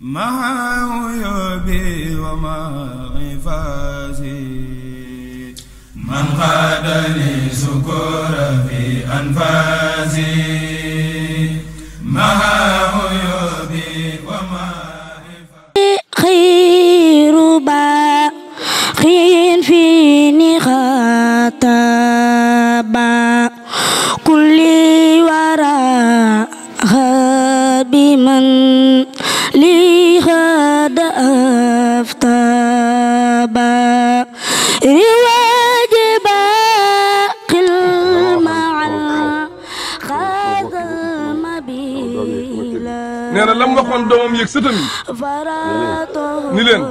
مع عيوبي ومع عفاسي من قادني سكور في أنفاسي yëg sëtam yi ni leen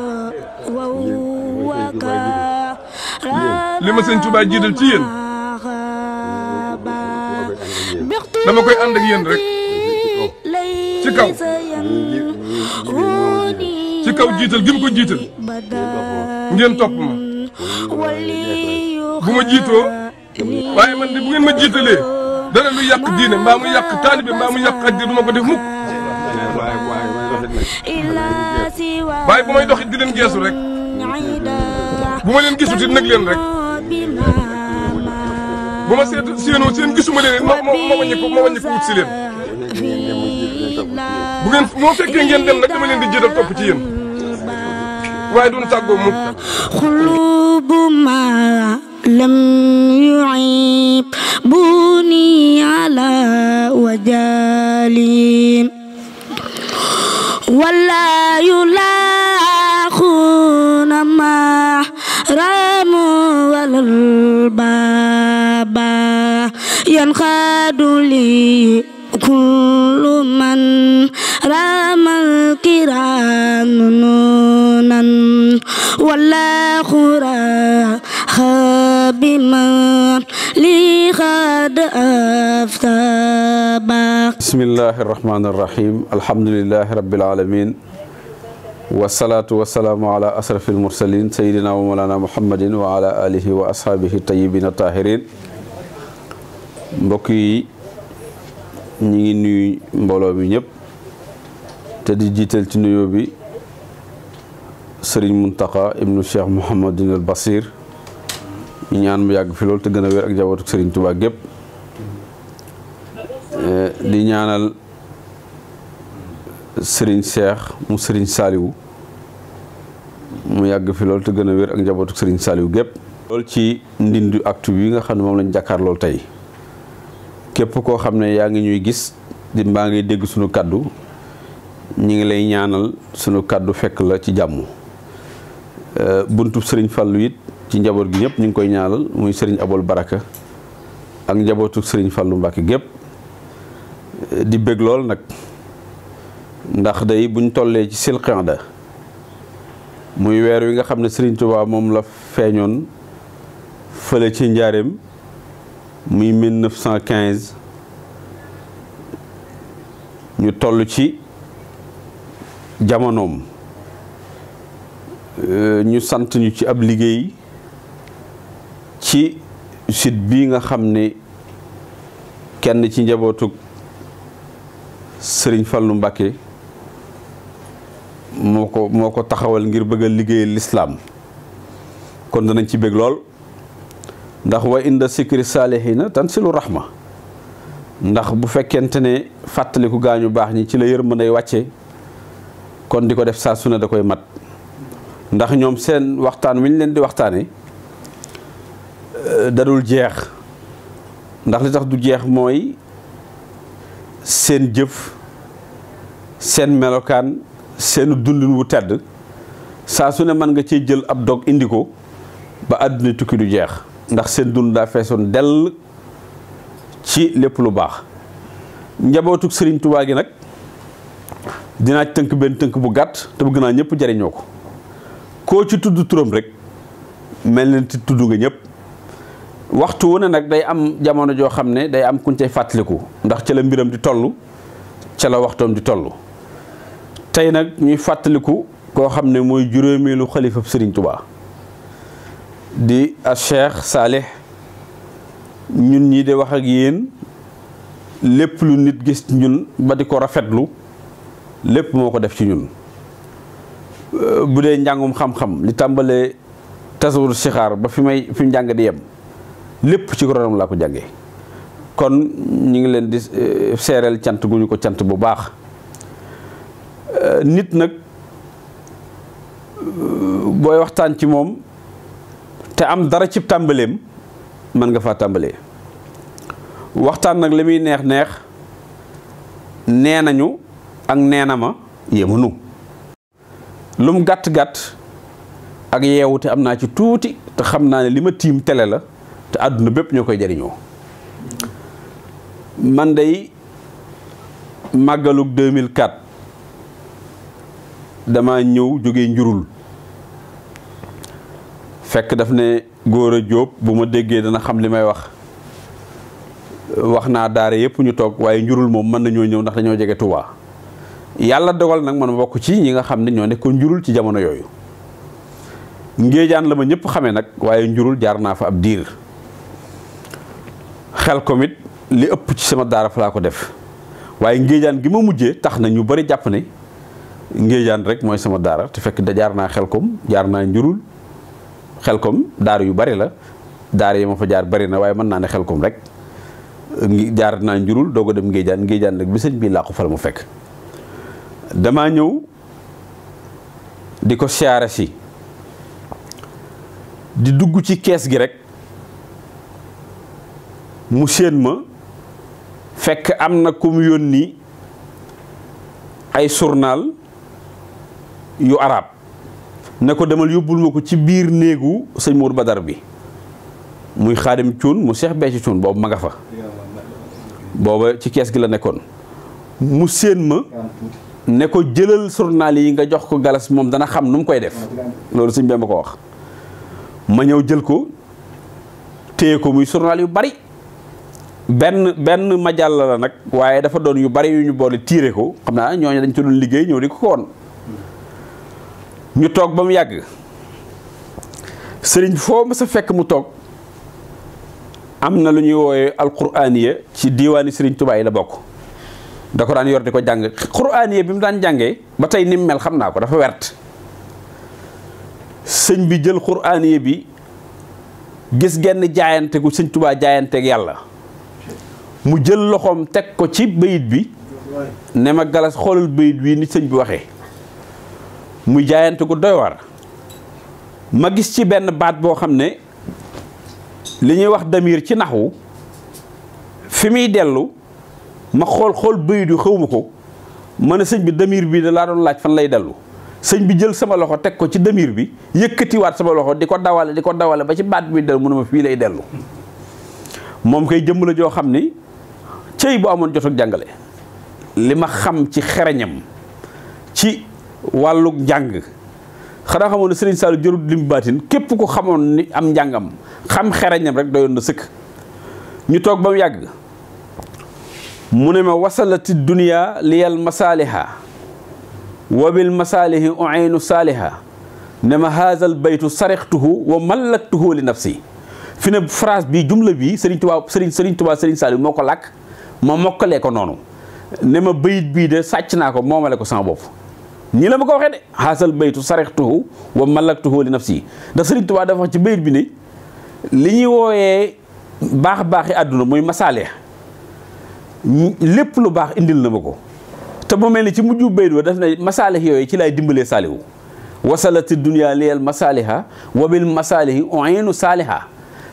li ma sëñ Tuubaa jiital ci yéen dama koy ànd ak yéen rek ci kaw ci kaw jiital gi mu ko jiital ngeen topp ma bu ma jiitoo waaye man de bu ngeen ma jiitalee dara lu yàq diine mbaa mu yàq taalibe mbaa mu yàq addi ma ko def mukk waaye bu may dox it di leen geesu rek bu ma leen gisut it nag leen rek bu ma seet seenoo seen gisuma leen it ma ma ma wàññi ko ma wàññi ko bu ngeen moo fekkee ngeen dem nag dama leen di jëdal topp ci yéen waaye duñ tàggoo mu xulubu ma ولا يلاقون ما راموا ولا البابا ينقاد لي كل من رام الكرام نونا ولا خرا بما لي قد أفتبا بسم الله الرحمن الرحيم الحمد لله رب العالمين والصلاة والسلام على أشرف المرسلين سيدنا ومولانا محمد وعلى آله وأصحابه الطيبين الطاهرين mbokk yi ñu ngi nuyu mbooloo mi ñëpp te di jiital ci nuyoo bi sëriñ Muntaqa ibnu Cheikh Mouhamadin al Basir ñaan mu yàgg fi loolu te gën a wér ak jabootu Serigne Touba gépp eh, di ñaanal sëriñ Cheikh mu sëriñ Saliou mu yàgg fi loolu te gën a wér ak njabootu Serigne Saliou gépp loolu ci ndindu actu bi nga xam ne moom lañ jàkkaar loolu tey képp koo xam ne yaa ngi ñuy gis di mbaa ngay dégg sunu kàddu ñu ngi lay ñaanal sunu kàddu fekk la ci jàmm eh, buntub sëriñ Fallou it ci njaboot gi ñëpp ñu ngi koy ñaanal muy sëriñ Abol Baraka ak njabootu sëriñ Fallou Mbacke gépp di bëgg lool nag ndax day buñ tollee ci silqanda muy weer wi nga xam ne sëriñ Touba moom la feeñoon fële ci njaareem muy 1915 ñu toll ci jamonoom euh, ñu sant ñu ci ab liggéey ci site bii nga xam ni kenn ci njabootug sëriñ Fallu Mbàkke moo ko moo ko taxawal ngir bëgg a liggéeyal lislaam kon danañ ci bég lool ndax wa inda sikri saalihina tansilu rahma ndax bu fekkente ne fàttaliku gaañu baax ñi ci la yërmande wàcce kon di ko def saa sune da koy mat ndax ñoom seen waxtaan wi ñu leen di waxtaane Euh, dadul jeex ndax li tax du jeex mooy seen jëf seen melokaan seen dundin wu tedd saa su ne mën nga cee jël ab dog indi ko ba àdduna tukki du jeex ndax seen dund daa feesoon dell ci lépp lu baax njabootug sëriñ Tuubaa gi nag dinaa tënk benn tënk bu gàtt te bëgg naa ñëpp jariñoo ko koo ci tudd turam rek mel na ti tudd nga ñëpp waxtu wu ne nag day am jamono joo xam ne day am kuñ cay fàttaliku ndax ca la mbiram di tollu ca la waxtoom di toll tey nag ñuy fàttaliku koo xam ne mooy juróomeelu xalifab Serigne Touba di a Cheikh Salih ñun ñi de wax ak yéen lépp lu nit gis ñun ba di ko rafetlu lépp moo ko def ci ñun bu dee njàngum xam-xam li tàmbalee tasawur sixaar ba fi may fi njàng di yem lépp ci ronam laa ko jàngee kon ñu ngi leen di eh, seereel cant gu ñu ko cant bu baax eh, nit nag eh, booy waxtaan ci moom te am dara ci tàmbaleem mën nga faa tàmbalee waxtaan nag li muy neex neex nee nañu ak nee na ma yéemunu lum gàtt gàtt ak yeewu te am naa ci tuuti te xam naa ne li ma tiim tele la te àdduna bépp ñoo koy jariñoo man day màggalug 2004 dama ñëw jóge njurul fekk daf ne góor a jóob bu ma déggee dana xam li may wax wax naa daara yëpp ñu toog waaye njurul moom mën nañoo ñëw ndax dañoo jege Tuubaa yàlla dogal nag man bokk ci ñi nga xam ne ñoo nekkoon njurul ci jamono yooyu ngéejaan la ma ñëpp xamee nag waaye njurul jaar naa fa ab diir xel ko mit li ëpp ci sama daara fa laa ko def waaye ngéejaan gi ma mujjee tax na ñu bari jàpp ne ngéejaan rek mooy sama daara te fekk da jaar naa xel xelkom jaar naa njurul xel xelkom daar yu bari la daara yi ma fa jaar bari na waaye mën naa ne xel xelkom rek jaar naa njurul doo ko dem ngéejaan ngéejaan rek bi sëñ bii laa ko fa la mu fekk damaa ñëw di ko siyaare si di dugg ci kees gi rek mu seen ma fekk am na ku mu yónni ay journal yu arab ne ko demal yóbbul ma ko ci biir néegu sëñ ba Badar bi muy xaadim cuun mu seex Béthio cuun boobu ma nga fa booba ci kees gi la nekkoon mu séen ma ne ko jëlal journal yi nga jox ko galas moom dana xam nu mu koy def loolu sëñ bi ma ko wax ma ñëw jël ko téye ko muy journal yu bari benn benn majalla la nag waaye dafa doon yu bari yu ñu boole tiire ko xam naa ñooñu dañ ci doon liggéey ñëw di ko ko woon ñu toog ba mu yàgg sëriñ foo ma fekk mu toog am na lu ñuy wooye alquraaniya ci diiwaani sëriñ Tuubaa yi la bokk da ko daan yor di ko jàng quraaniya bi mu daan jàngee ba tey ni mu mel xam naa ko dafa wert sëñ bi jël quraaniya bi gis genn jaayante gu sëñ Tuubaa jaayanteeg yàlla mu jël loxoom teg ko ci bayit bi ne ma galas xoolal bayit bii ni sëñ bi waxee muy jaayante gu doy war ma gis ci benn baat boo xam ne li ñuy wax damir ci naxwu fi muy dellu ma xool xool bayit yu xaw ma ko ma ne sëñ bi damir bii da laa doon laaj fan lay dellu sëñ bi jël sama loxo teg ko ci damir bi yëkkatiwaat sama loxo di ko dawale di ko dawale ba ci baat bi dellu mu fii lay dellu moom kay jëmm la joo xam ni cëy bu amoon jot jàngale li ma xam ci xereñam ci wàlluk njàng xanaa xamoon ne Serigne Saliou jërul mu baatin képp ku xamoon ni am njàngam xam xereñam rek doyoon na sëkk ñu toog ba mu yàgg mu ne ma wasalati dunia liyal masaaliha wabil masaalihi uaynu saaliha ne ma haazal baytu sarixtuhu wa mallaktuhu li nafsi fi ne phrase bi jumla bi Serigne Touba Serigne Serigne Touba Serigne Saliou moo ko làkk ma mokkalee ko noonu ne ma bayit bii de sàcc naa ko moomale ko sama bopp nii la ma ko waxee de xaasal baytu sarextuhu wa malaktuhu li nafsi ndax Sëriñ ci bayit bi ne li ñuy wooyee baax baaxi àdduna muy masaale lépp lu baax indil na ma ko te mu mel ni ci mujju bayit wa daf ne masaalih yooyu ci laay dimbalee saalihu wasalati dunia liyal masaaliha wa bil masaalihi oinu saaliha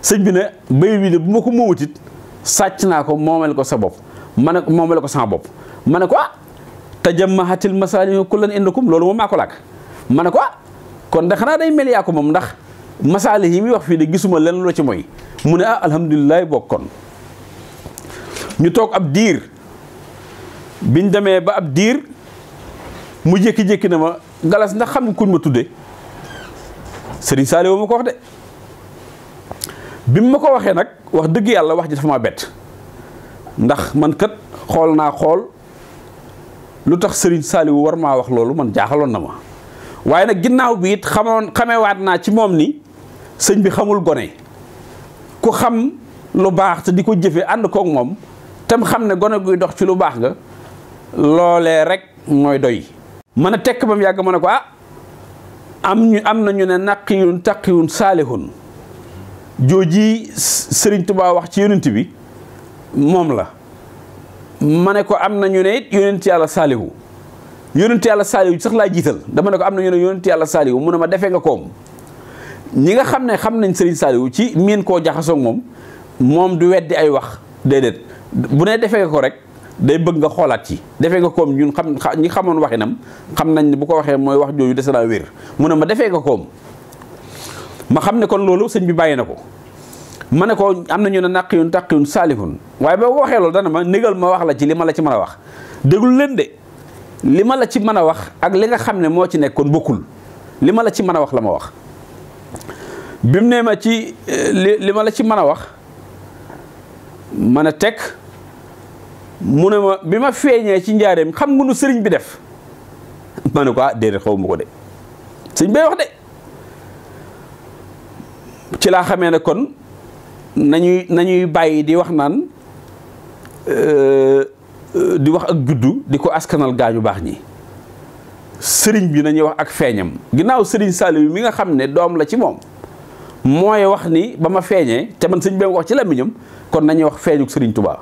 sëñ bi ne bayit bi ne bu ma ko moomatit sàcc naa ko moomel ko sa bopp ma ne moomel ko sama bopp ma ne ko ah tajammahatil masalimi kullan indakum loolu moom maa ko làkk ma ne ko ah kon de xanaa day mel yaa ko moom ndax masalih yi muy wax fii de gisuma lenn loo ci mooy mu ne ah alhamdulilah bokk kon ñu toog ab diir biñ demee ba ab diir mu jékki-jékki na ma galas ndax xam nga kuñ ma tudde Serigne Saliou ma ko de bi mu ma ko waxee nag wax dëgg yàlla wax ji dafa ma bett ndax man kat xool naa xool lu tax Serigne Saliou war maa wax loolu man jaaxaloon na ma waaye nag ginnaaw bi it xamoon xamewaat naa ci moom ni sëñ bi xamul gone ku xam lu baax te di ko jëfee ànd kook moom tam xam ne gone guy dox ci lu baax nga loolee rek mooy doy. mën a tekk ba mu yàgg ma ne ko ah am ñu am na ñu ne naqiyun taqiyun saalihun jooji sëriñ Tuubaa wax ci yonent bi moom la ma ne ko am na ñu ne it yonent yàlla saalihu yonent yàlla saalihu sax laa jiital dama ne ko am na ñu ne yonent yàlla saalihu mu ne ma defee nga koom ñi nga xam ne xam nañ sëriñ saalihu ci miin koo jaxasoog moom moom du weddi ay wax déedéet bu ne defee nga ko rek day bëgg nga xoolaat ci defee nga koom ñun xam ñi xamoon waxinam xam nañ ne bu ko waxee mooy wax jooju dese naa mu ne ma defee nga koom ma xam ne kon loolu sëñ bi bàyyi na ko ma ne ko am na ñu ne naqiyun taqiyun saalihun waaye boo waxee loolu dana ma négal ma wax la ci li ma la ci mën a wax déglu leen de li ma la ci mën a wax ak li nga xam ne moo ci nekkoon bokkul li ma la ci mën a wax la ma wax bi mu nee ma ci eh, li ma la ci mën a wax mën a teg mu ne ma bi ma feeñee ci njaareem xam nga nu sëriñ bi def mane ne ko ah déedéet xaw ma ko de sëriñ bay wax de ci laa xamee ne kon nañuy nañuy bàyyi di wax naan euh, di wax ak juddu di ko askanal gaañu baax nii sëriñ bi nañuy wax ak feeñam ginnaaw sëriñ Saliou mi nga xam ne doom la ci moom mooy wax ni ba ma feeñee te man sëñ bi wax ci làmmiñam kon nañuy wax feeñu sëriñ tubaa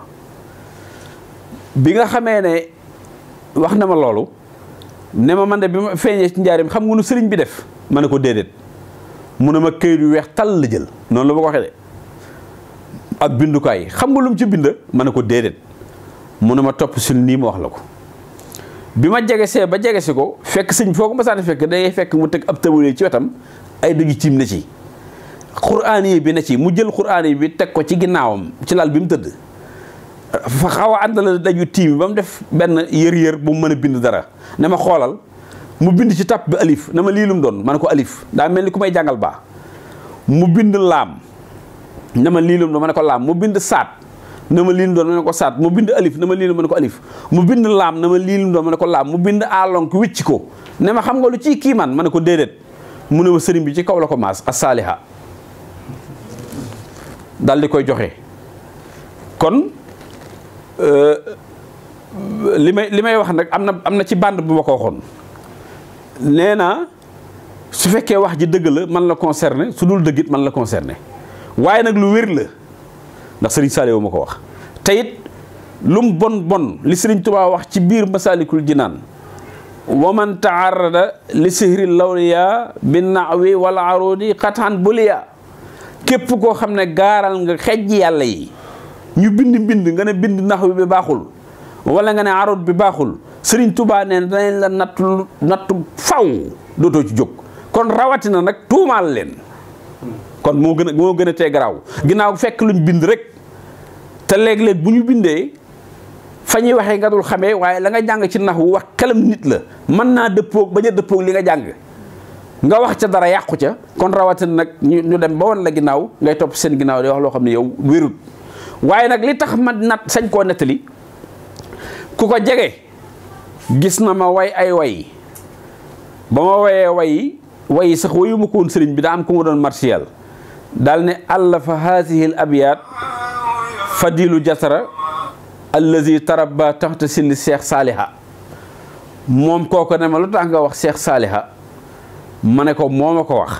bi nga xamee ne wax na ma loolu ne ma man de bi ma feeñee ci njaarim xam nga nu sëriñ bi def ma ne ko déedéet mu ne ma këyit yu weex tàll la jël noonu la ma ko waxee ak bindukaay xam nga lu mu ci bind ma ne ko déedéet mu ne ma topp sul nii ma wax la ko bi ma jege see ba jege si ko fekk sëñ foo ko ma saani fekk day fekk mu teg ab tabalee ci wetam ay dëgg ciim ne ci xuraani bi ne ci mu jël xuraani bi teg ko ci ginnaawam ci lal bi mu tëdd fa xaw a àndal daju tiim ba mu def benn yër yër bu mu mën a bind dara ne ma xoolal mu bind ci tàpp bi alif na ma lii lum doon ma ne ko alif daa mel ni ku may jàngal baa mu bind laam na ma lii lum doon ma ne ko laam mu bind saat na ma lii lum doon ma ko saat mu bind alif na ma lii lum ma ko alif mu bind laam na ma lii lum doon ma ne ko laam mu bind alonk wicc ko ne ma xam nga lu ciy kii man ma ne ko déedéet mu ne ma sëriñ bi ci kaw la ko maas asaaliha dal di koy joxe kon euh, li may li may wax nag am na am na ci bànd bu ma ko waxoon nee naa su fekkee wax ji dëgg la man la concerné su dul dëgg man la concerné waaye nag lu wér la ndax Serigne Saliou ko wax te it lum bon bon li Serigne Touba wax ci biir Masaalikul Jinaan wa man taarada li sihri lawliya bi naawi wala arudi xataan buliya képp koo xam ne gaaral nga xejj yàlla yi ñu bind mbind nga ne bind nax bi baaxul wala nga ne arud bi baaxul sëriñ tubaa neen danañ la nattu nattu faw dootoo ci jóg kon rawatina nag tuumaal leen kon moo gën a moo gën a tee garaaw ginnaaw fekk luñ bind rek te léeg-léeg bu ñu bindee fa ñuy waxee nga dul xamee waaye la nga jàng ci nax wu wax kalam nit la mën naa dëppoog ba a dëppoog li nga jàng nga wax ca dara yàqu ca kon rawatina nag ñu dem ba woon la ginnaaw ngay topp seen ginnaaw di wax loo xam ne yow wérut waaye nag li tax ma nat sañ koo nettali ku ko jege gis na ma way ay way ba ma wayee way way sax wayuma koon sëriñ bi daa am ku ma doon marsiyal daal ne àll fa haasihil abyaat fadilu jasara allazi tarabba taxta silli seex saaliha moom kooku ne ma lu tax nga wax seex saaliha ma ne ko moo ma ko wax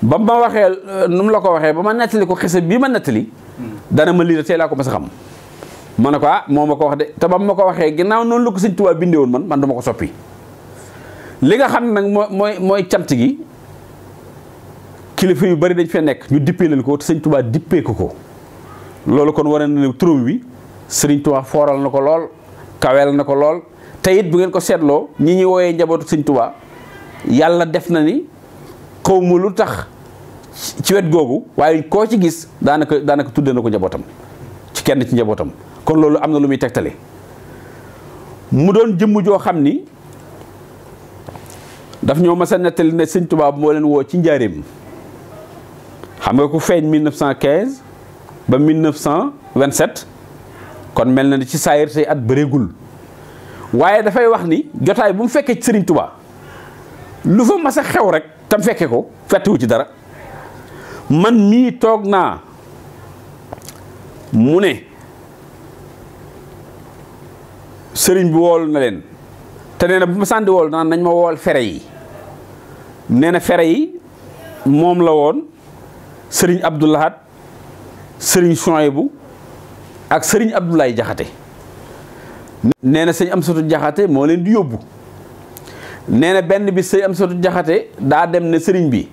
ba ma waxee eh, nu la ko waxee ba ma nettali ko xisa bii ma nettali dana ma lii da tey laa ko mas a xam ma ne ko ah moo ma ko wax de te ba ma ko waxee ginnaaw noonu la ko sëñ Tuubaa bindee woon man man duma ko soppi li nga xam nag moo mooy mooy cant gi kilifa yu bari dañ fee nekk ñu dippee leen ko te sëñ Tuubaa ko ko kon wane na ne turam fooral na ko lool kaweel na ko lool te it bu ngeen ko seetloo ñi ñuy wooyee njabootu sëñ yàlla def na ni xaw ma lu tax ci wet googu waaye koo ci gis daanaka daanaka tudde na ko njabootam ci kenn ci njabootam kon loolu am na lu muy tegtale mu doon jëmm joo xam ni daf ñoo masa nettali ne sëñ tubaab moo leen woo ci njaareem xam nga ku feeñ 1915 ba 1927 kon mel na ni ci saayir say at bëreegul waaye dafay wax ni jotaay bu mu fekkee ci sëriñ Tuubaa lu fa masa xew rek tam fekke ko fettewu ci dara man mii toog naa mu ne sëriñ bi wool na leen te nee bu ma sàndi wool naan nañ ma wool fere yi nee na fere yi moom la woon sëriñ Abdoulahat sëriñ Souhaïbou ak sëriñ Abdoulaye Jaxate nee na sëñ Amsatu Jaxate moo leen di yóbbu nee na benn bi sëñ Amsatu Jaxate daa dem ne sëriñ bi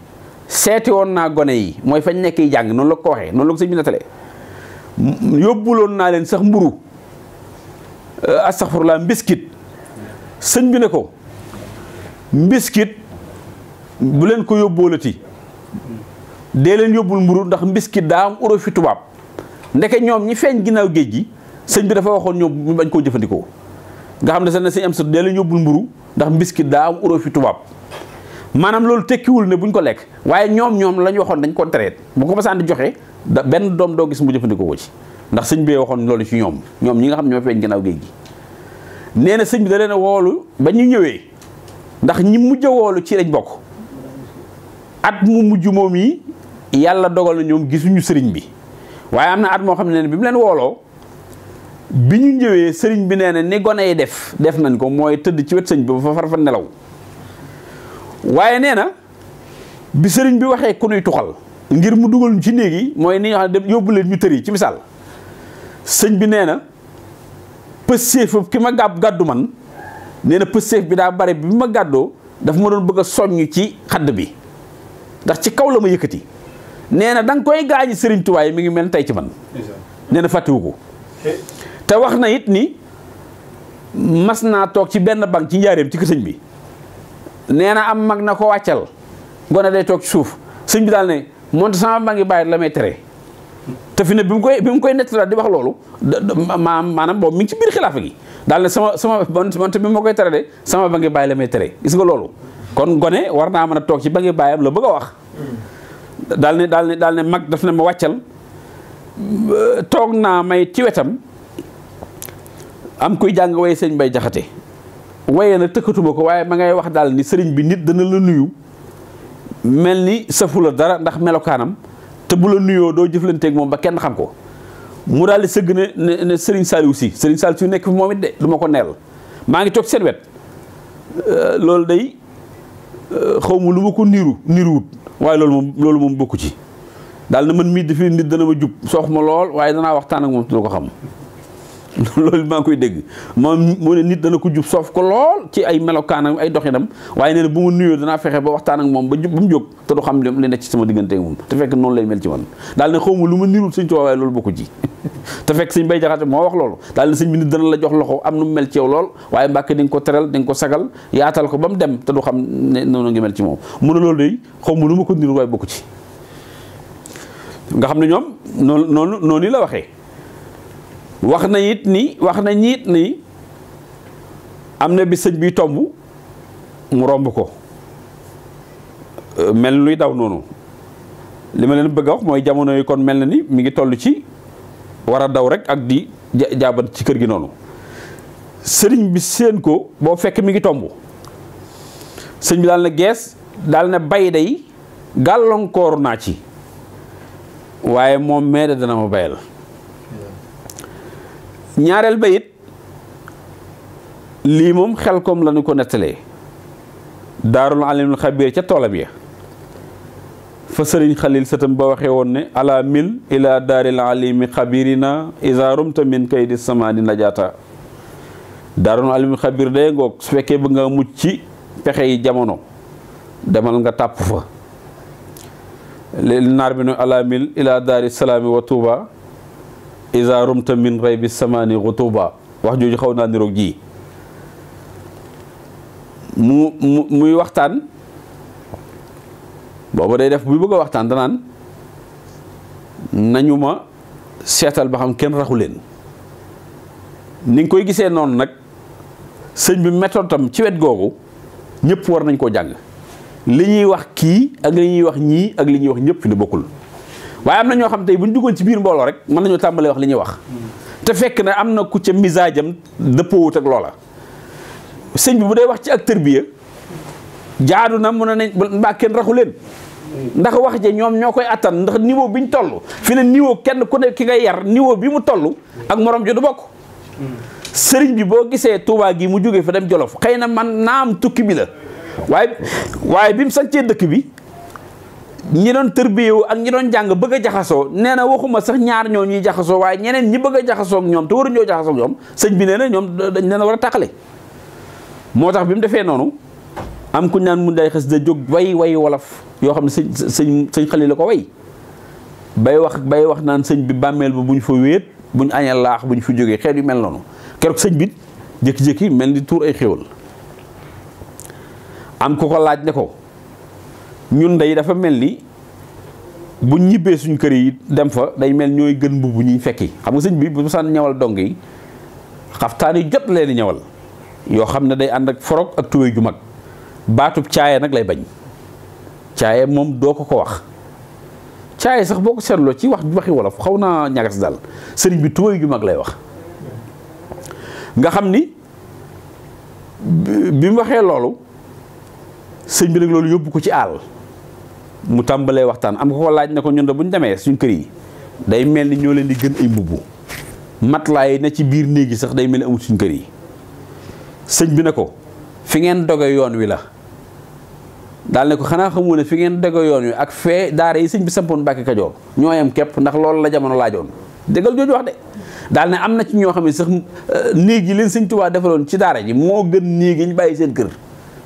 seeti woon naa gone yi mooy fañ nekk yi jàng noonu la ko waxee noonu la ko sëñ bi nettalee yóbbuloon naa leen sax mburu Euh, astaxfurlaa mbiskit sëñ bi ne ko mbiskit bu leen ko yóbboolati dee leen yóbbul mburu ndax mbiskit daa am uro tubaab ndeke ñoom ñi feeñ ginnaaw géej gi sëñ bi dafa waxoon ñoom ñu bañ koo jëfandikoo nga xam ne sax ne sëñ am sa dee leen yóbbul mburu ndax mbiskit daa am uro tubaab maanaam loolu tekkiwul ne bu buñ ko lekk waaye ñoom ñoom la ñu waxoon dañ ko tereet bu ko masaan di joxe da benn doom doo gis mu jëfandikoo ko ci ndax sëñ bee waxoon loolu ci ñoom ñoom ñi nga xam ñoo feeñ gannaaw géej gi nee na sëñ bi da leen a woolu ba ñu ñëwee ndax ñi mujj a woolu ci lañ bokk at mu mujj moom yi yàlla dogal na ñoom gisuñu sëriñ bi waaye am na at moo xam ne ne bi mu leen wooloo bi ñu ñëwee sëriñ bi nee na ni gone yi def def nañ ko mooy tëdd ci wet sëñ bi ba fa far fa nelaw waaye nee na bi sëriñ bi waxee ku nuy tuxal ngir mu dugal ci néeg mooy ni ñoo xam ne yóbbu leen ñu tëri ci misaal sëñ bi nee na pëstéef ki ma gàb gàddu man nee na pëstéef bi daa bare bi ma gàddoo dafa ma doon bëgg a soññ ci xadd bi ndax ci kaw la ma yëkkati nee na da koy gaañi sëriñ Tuubaa yi mi ngi mel tey ci man nee na fàttewu ko te wax na it ni mas naa toog ci benn bank ci njaareem ci kër sëñ bi nee na am mag na ko wàccal gone day toog ci suuf sëñ bi daal ne moonte sama bank yi bàyyi la may tere te bi mu koy bi mu koy nettalaat di wax loolu maanaam maanaam boobu mi ngi ci biir xilaafa gi daal ne sama sama man te bi ma koy tere de sama ba ngi bàyyi la may tere gis nga loolu kon gone war naa mën a toog ci ba ngi bàyyam la bëgg a wax daal ne daal ne mag daf ne ma wàccal euh, toog naa may ci wetam am kuy jàng waaye sëñ bay jaxate waaye nag tëkkatuma ko waaye ma ngay wax daal ni sëriñ bi nit dana la nuyu mel ni safula dara ndax melokaanam te bu la nuyoo doo jëflanteeg moom ba kenn xam ko mu daal di sëgg ne ne ne sëriñ Saliou si Serigne Saliou si nekk fi moom it de du ma ko neel maa ngi toog seen wet euh, loolu day euh, xaw ma lu ma ko niiru niiruwut waaye loolu moom loolu moom bokku ci daal na man mii dafay nit dana ma jub soox ma lool waaye danaa waxtaan ak moom dina ko xam. loolu maa ngi koy dégg moom mu ne nit dana ko jub soof ko lool ci ay melokaanam ay doxinam waaye nee na bu ma nuyoo danaa fexe ba waxtaan ak moom ba jub ba mu jóg te du xam li nekk ci sama diggante ak moom te fekk noonu lay mel ci man daal ne ma lu ma nirul sëñ Tuubaa waaye loolu bokku ci fekk sëñ Bay moo wax loolu daal ne sëñ bi dana la jox loxo am nu mel ci lool waaye Mbàkke di nga ko teral di ko sagal yaatal ko ba mu dem te du xam ne noonu ngi mel ci moom mu ne loolu day xaw ma lu ma ko nirul waaye bokku ci nga xam ne ñoom noonu noonu noonu la waxee wax na yit ni wax na ñiit ni am na bi sëñ bi tomb mu romb ko euh, mel luy daw noonu li ma leen bëgg a wax mooy jamono yi kon mel na ni mi ngi toll ci war a daw rek ak di jaaban ci kër gi noonu sëriñ bi séen ko boo fekk mi ngi tomb sëñ bi daal na gees daal na bay day gàllankooru naa ci waaye moom meede dana ma bayal ñaareel ba lii moom xel kom lañu ko nettalee daarul alimul xabiir ca toolam ya fa sëriñ xalil sëtam ba waxee woon ne ala mil ila daaril alimi xabirina isa rumta min kay di samaani najaata daarul alimul xabir day ngoog su fekkee ba nga mucc ci pexe yi jamono demal nga tàpp fa naar bi ne ala mil ila daari salaami wa iza rumta min raybi samaani rutuba wax jooju xaw naa niroog ji mu mu muy waxtaan booba day def buy bëgg a waxtaan danaan nañu ma seetal ba xam kenn raxu leen ni nga koy gisee noonu nag sëñ bi méthode tam ci wet googu ñëpp war nañ koo jàng li ñuy wax kii ak li ñuy wax ñii ak li ñuy wax ñëpp fi bokkul waaye am na ñoo xam tey bu ñu duggoon ci biir mbooloo rek mën nañoo tàmbalee wax li ñuy wax te fekk ne am na ku ca misaajam dëppoowut ak loola sëñ bi bu dee wax ci ak tërbiya jaadu na mun na ne mbaa kenn raxu leen ndax wax je ñoom ñoo koy attan ndax niveau bi ñu tollu fi ne niveau kenn ku ne ki ngay yar niveau bi mu toll ak moroom ju du bokk sëriñ bi boo gisee tuubaa gi mu jógee fa dem Jolof xëy na man naam tukki bi la waaye waaye bi mu sancee dëkk bi ñi doon tërbiyewu ak ñi doon jàng bëgg a jaxasoo nee na waxuma sax ñaar ñoo ñuy jaxasoo waaye ñeneen ñi bëgg a jaxasook ñoom te waruñoo jaxasoo ak ñoom sëñ bi nee ñoom dañ leen a war a tàqale moo tax bi mu defee noonu am ku naan mun day xas da jóg way way wolof yoo xam ne sëñ sëñ sëñ la ko way bay wax bay wax naan sëñ bi bàmmeel ba bu ñu bu ñu añee laax bu ñu fa jógee xeet yu mel noonu keroog sëñ bi jékki mel ni tuur ay xéwal am ku ko laaj ne ko ñun day dafa mel ni bu ñibbee suñ kër yi dem fa day mel ñooy gën mbubb ñuy fekki xam nga sëñ bi bu saan ñawal dong yi xaftaan yi jot leen ñawal yoo xam ne day ànd ak forog ak tuwéy ju mag baatub caaye nag lay bañ caaye moom doo ko ko wax caaye sax boo ko seetloo ci wax waxi wolof xaw naa ñagas daal sëriñ bi tuwéy ju mag lay wax nga xam ni bi mu waxee loolu sëñ bi nag loolu yóbbu ko ci àll mu tàmbalee waxtaan am nga ko laaj ne ko ñun de bu ñu demee suñ kër yi day mel ni ñoo leen di gën ay mbubb matelas yi ne ci biir néegi sax day mel ni amul suñu kër yi sëñ bi ne ko fi ngeen doge yoon wi la daal ne ko xanaa xamu ne fi ngeen doge yoon wi ak fee daara yi sëñ bi sampoon Mbàkke Kajoor ñoo yam képp ndax loolu la jamono laajoon dëggal jooju wax de daal ne am na ci ñoo xam ne sax euh, néeg yi leen sëñ Tuubaa defaloon ci daara ji moo gën néeg yi ñu bàyyi seen kër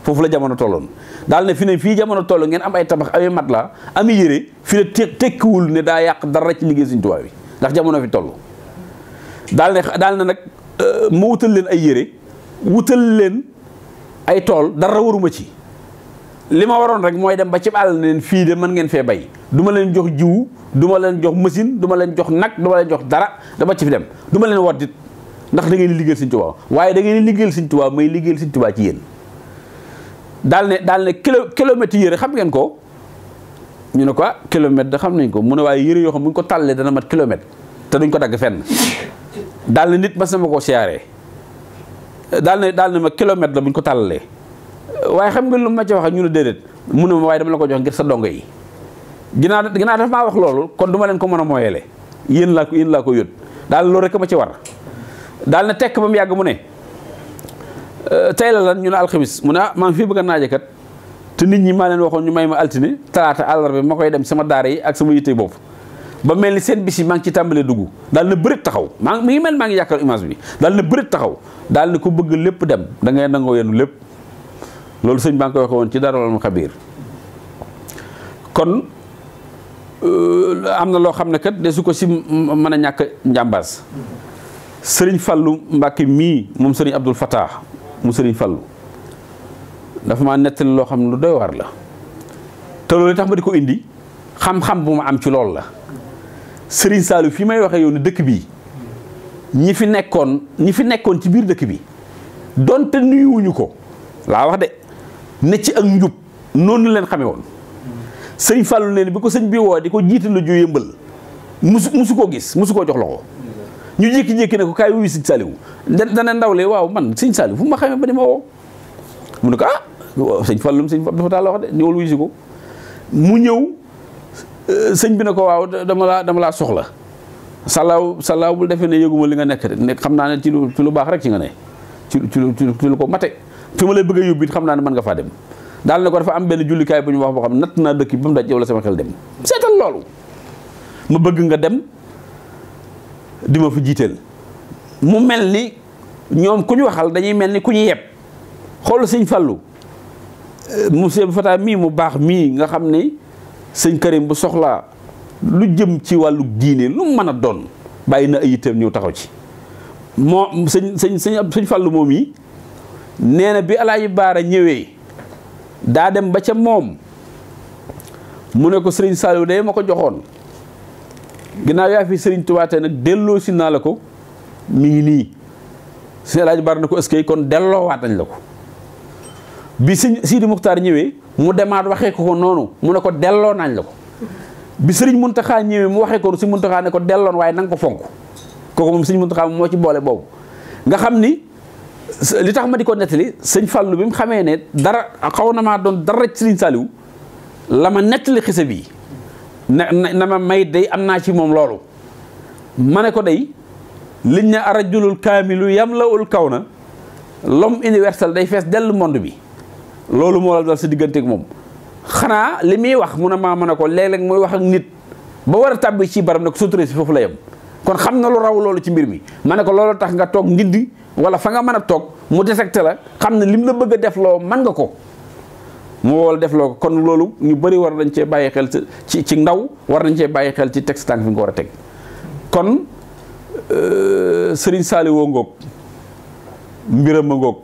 foofu la jamono tolloon daal ne fi ne fii jamono toll ngeen am ay tabax amee mat la ami yére fi ne tekkiwul ne daa yàq dara ci liggéey suñ tubaab bi ndax jamono fi toll daal ne daal ne nag euh, ma wutal leen ay yére wutal leen ay tool dara waruma ci li ma waroon rek mooy dem ba ci àll ne leen fii de mën ngeen fee bay duma leen jox jiw duma leen jox machine du leen jox nag du ma leen jox dara dama ci fi dem du ma leen waddit ndax da ngeen di liggéeyal Sëñ Tuubaa waaye da ngeen di liggéeyal Sëñ Tuubaa may liggéeyal daal ne daal ne kilo kilomètre yére xam ngeen ko ñu ne ko ah kilomètre da xam nañ ko mu ne waaye yére yoo xam bu ñu ko tàllalee dana mat kilomètre te duñ ko dagg fen daal ne nit mas na ma koo siyaaree daal ne daal ne ma kilomètre la bu ñu ko tàllalee waaye xam nga lu ma ci wax ñu ne déedéet mu ne ma waaye dama la ko jox ngir sa dongo yi ginnaaw ginnaaw daf maa wax loolu kon du ma leen ko mën a mooyeele yéen laa ko yéen laa ko yót daal loolu rek ma ci war daal ne tekk ba yàgg mu ne Euh, tey la lan ñu ne alxamis mu ne ah maa ngi fii bëgg a naaje kat te nit ñi maa leen waxoon ñu may ma altine talaata àllarba ma koy dem sama daara yi ak sama yitte bopp ba mel ni seen bis yi maa ngi ci tàmbalee dugg daal na bërit taxaw maa mi ngi mel maa ngi yàkkal image bi daal na bërit taxaw daal ne ku bëgg lépp dem dangay ngay nangoo yenu lépp loolu sëñ baa ngi koy waxee woon ci dara wala mu xabiir kon euh, am na loo xam ne kat de su ko si mën a ñàkk njàmbaas sëriñ Fallou Mbacke mii moom sëriñ Abdoul Fattah mu sëriñ Fallu dafa ma nettali loo xam ne lu doy war la te loolu tax ma di ko indi xam-xam bu ma am ci loolu la sëriñ Saalu fii may waxee yow ne dëkk bi ñi fi nekkoon ñi fi nekkoon ci biir dëkk bi donte nuyuwuñu ko laa wax de ne ci ak njub noonu leen xame woon sëriñ Fallu nee na bi ko sëñ bi woo di ko jiital la ju yëmbal musu su koo gis musu koo jox loxo ñu jékki-jékki ne ko kaay wuyu sëñ Saliou dana ndaw le waaw man sëñ Saliou fu ma xamee ba di ma woo mu ne ko ah sëñ Fallum sëñ Fallum dafa daal la wax de mu ñëw euh, sëñ bi ne ko waaw dama laa dama soxla salaaw salaaw bul defee ne yëguma li nga nekk nekk xam naa ne ci lu ci lu baax rek ci nga ne ci ci ci lu ko mate fi ma lay bëgg a yóbbu xam naa ne mën nga faa dem daal ne ko dafa am benn jullikaay bu ñu wax boo xam natt naa dëkk bi ba mu daj yow la sama xel dem seetal loolu ma bëgg nga dem di ma fi jiiteel mu mel ni ñoom ku ñu waxal dañuy mel ni ku ñu yeb xool sëñ mu monsieur Fata mii mu baax mii nga xam ni sëñ Karim bu soxlaa lu jëm ci wàllu diine lu mën a doon bàyyi na ay itam ñëw taxaw ci moo sëñ sëñ sëñ Fallou moom yi nee bi Alaaji Baara ñëwee daa dem ba ca moom mu ne ko sëriñ Saliou de ma ko joxoon ginnaaw yaa fi sëriñ Tuubaa nag delloo si naa la ko mu ngi nii si El Hadj Bara na ko ëskay kon delloowaat nañ la ko bi sëñ Sidi Muxtaar ñëwee mu demaat waxee ko noonu mu ne ko delloo nañ la ko bi sëriñ Muntaxaa ñëwee mu waxee si Muntaxaa ne ko delloon waaye nanga ko fonk kooku moom sëñ Muntaxaa moo ci boole boobu nga xam ni li tax ma di ko nettali sëñ Fallou bi mu xamee ne dara xaw na maa doon dara ci sëriñ Saliou la ma nettali xisa bii na na ma may day am naa ci moom loolu ma ne ko day liñ ne arajulul kaamilu yam la ul kaw na l'homme universel day fees dell monde bi loolu moo la dal sa digganteeg moom xanaa li muy wax mu ne maa ma ne ko léeg-léeg muy wax ak nit ba war a tàbbi ci baram nag sutura si foofu la yem kon xam na lu raw loolu ci mbir mi ma ne ko loolu tax nga toog ndiddi wala fa nga mën a toog mu détecté la xam ne lim la bëgg a def loo mën nga ko mu wol def loo ko kon loolu ñu bari war nañ cee bàyyi xel ci ci ndaw war nañ cee bàyyi xel ci teg tànk fi nga a teg kon euh, Serigne Saliou woo ngoog mbiram a ngoog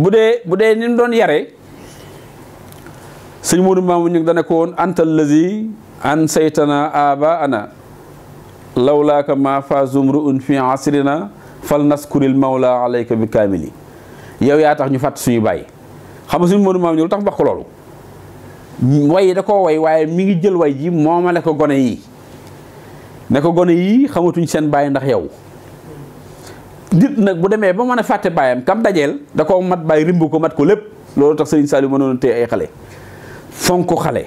bu dee bu dee ni doon yare sëñ Modou Mamoun ñu ngi dana ko woon antal lazi an saytana aba ana lawlaaka ma fa zumru un fi asrina fal naskuril mawla alayka bi kaamili yow yaa tax ñu fàtt suñu bàyyi xam nga suñu mënu maam ñëw lu tax wax loolu way da ko way waaye mi ngi jël way ji moomale ko gone yi ne ko gone yii xamatuñ seen bàyyi ndax yow nit nag bu demee ba mën a fàtte bàyyam kam dajeel da koo mat bàyyi rimb ko mat ko lépp loolu tax Serigne Saliou mënoon téye ay xale fonk xale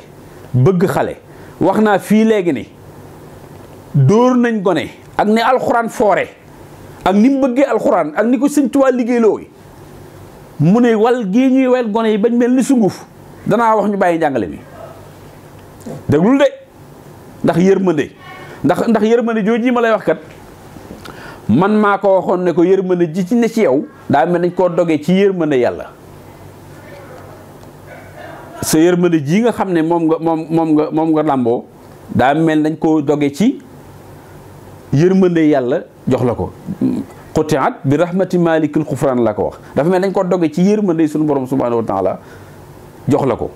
bëgg xale wax naa fii léegi ni dóor nañ gone ak ni alxuraan foore ak ni mu bëggee alxuraan ak ni ko sëñ liggéey liggéeyloo mu ne wal gii ñuy wel gone yi bañ mel ni sunguf danaa wax ñu bàyyi jàngale bi déglul de ndax yërmande ndax ndax yërmande jooju ma lay wax kat man maa ko waxoon ne ko yërmande ji ci ne ci yow daa mel nañ koo doge ci yërmande yàlla sa yërmande ji nga xam ne moom nga moom moom nga moom nga làmboo daa mel nañ koo dogee ci yërmande yàlla jox la ko xutiat bi rahmati malikil xufraan la ko wax dafa mel dañ ko doge ci yërmande suñu borom subhanahu wa taala jox la ko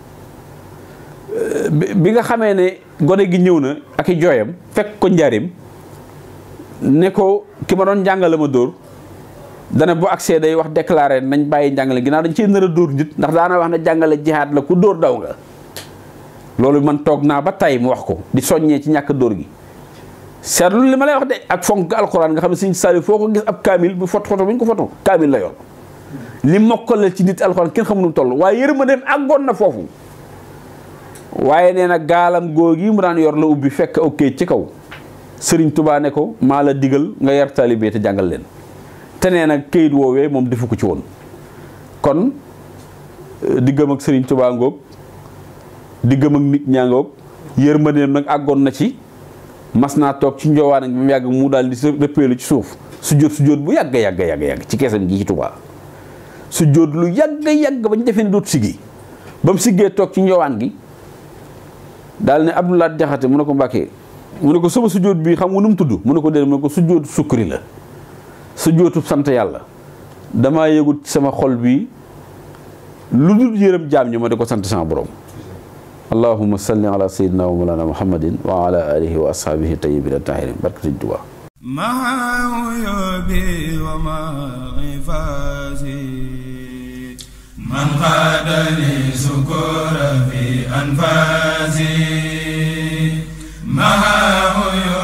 bi nga xamee ne gone gi ñëw na ak i jooyam fekk ko njaarim ne ko ki ma doon jàngale ma dóor dana bu accès day wax déclaré nañ bàyyi njàngale ginnaaw dañ cee nar a dóor nit ndax daana wax ne jàngale jihaad la ku dóor daw nga loolu man toog naa ba tay mu wax ko di soññee ci ñàkk dóor gi seetlu li ma lay wax de ak fonk alxuraan nga xam ne sëñ Saliou foo ko gis ab kaamil bu foto foto bu ñu ko foto kaamil la yoon li mokkal la ci nit alxuraan kenn xamu nu toll waaye yërmandeem àggoon na foofu waaye nee na gaalam googi mu daan yor la ubbi fekk ok ci kaw sëriñ Tuubaa ne ko maa la digal nga yar taalibe te jàngal leen te nee kayit këyit woowee moom defu ko ci woon kon euh, diggam ak sëriñ Tuubaa ngoog diggam ak nit ñaa ngoog yërmandeem nag àggoon na ci mas naa toog ci njoowaan ak mu yàgg mu daal di lu ci suuf su jóot su jóot bu yàgg yàgg yàgg yàgg ci keesam gi ci su jóot lu yàgg yàgg ba ñu defee ne doot sigi ba mu siggee toog ci njoowaan gi daal ne Abdoulaye Jaxate mu ne ko Mbàkke mu ne ko sama su jóot bi xam nga nu mu tudd mu ne ko déedéet mu ne ko su jóot sukkuri la su jóotu sant yàlla damaa yëgut sama xol bi lu dul yërëm jaam ñi ma di ko sant san boroom allahuma salli ala sayidina wa mawlana muhammadin wa ala alihi wa ashaabihi tayyibina tahirin barke Sëñ Tuubaa maa uyubi wa maa ifaasi man qaadani sukura fi anfaasi maa uyubi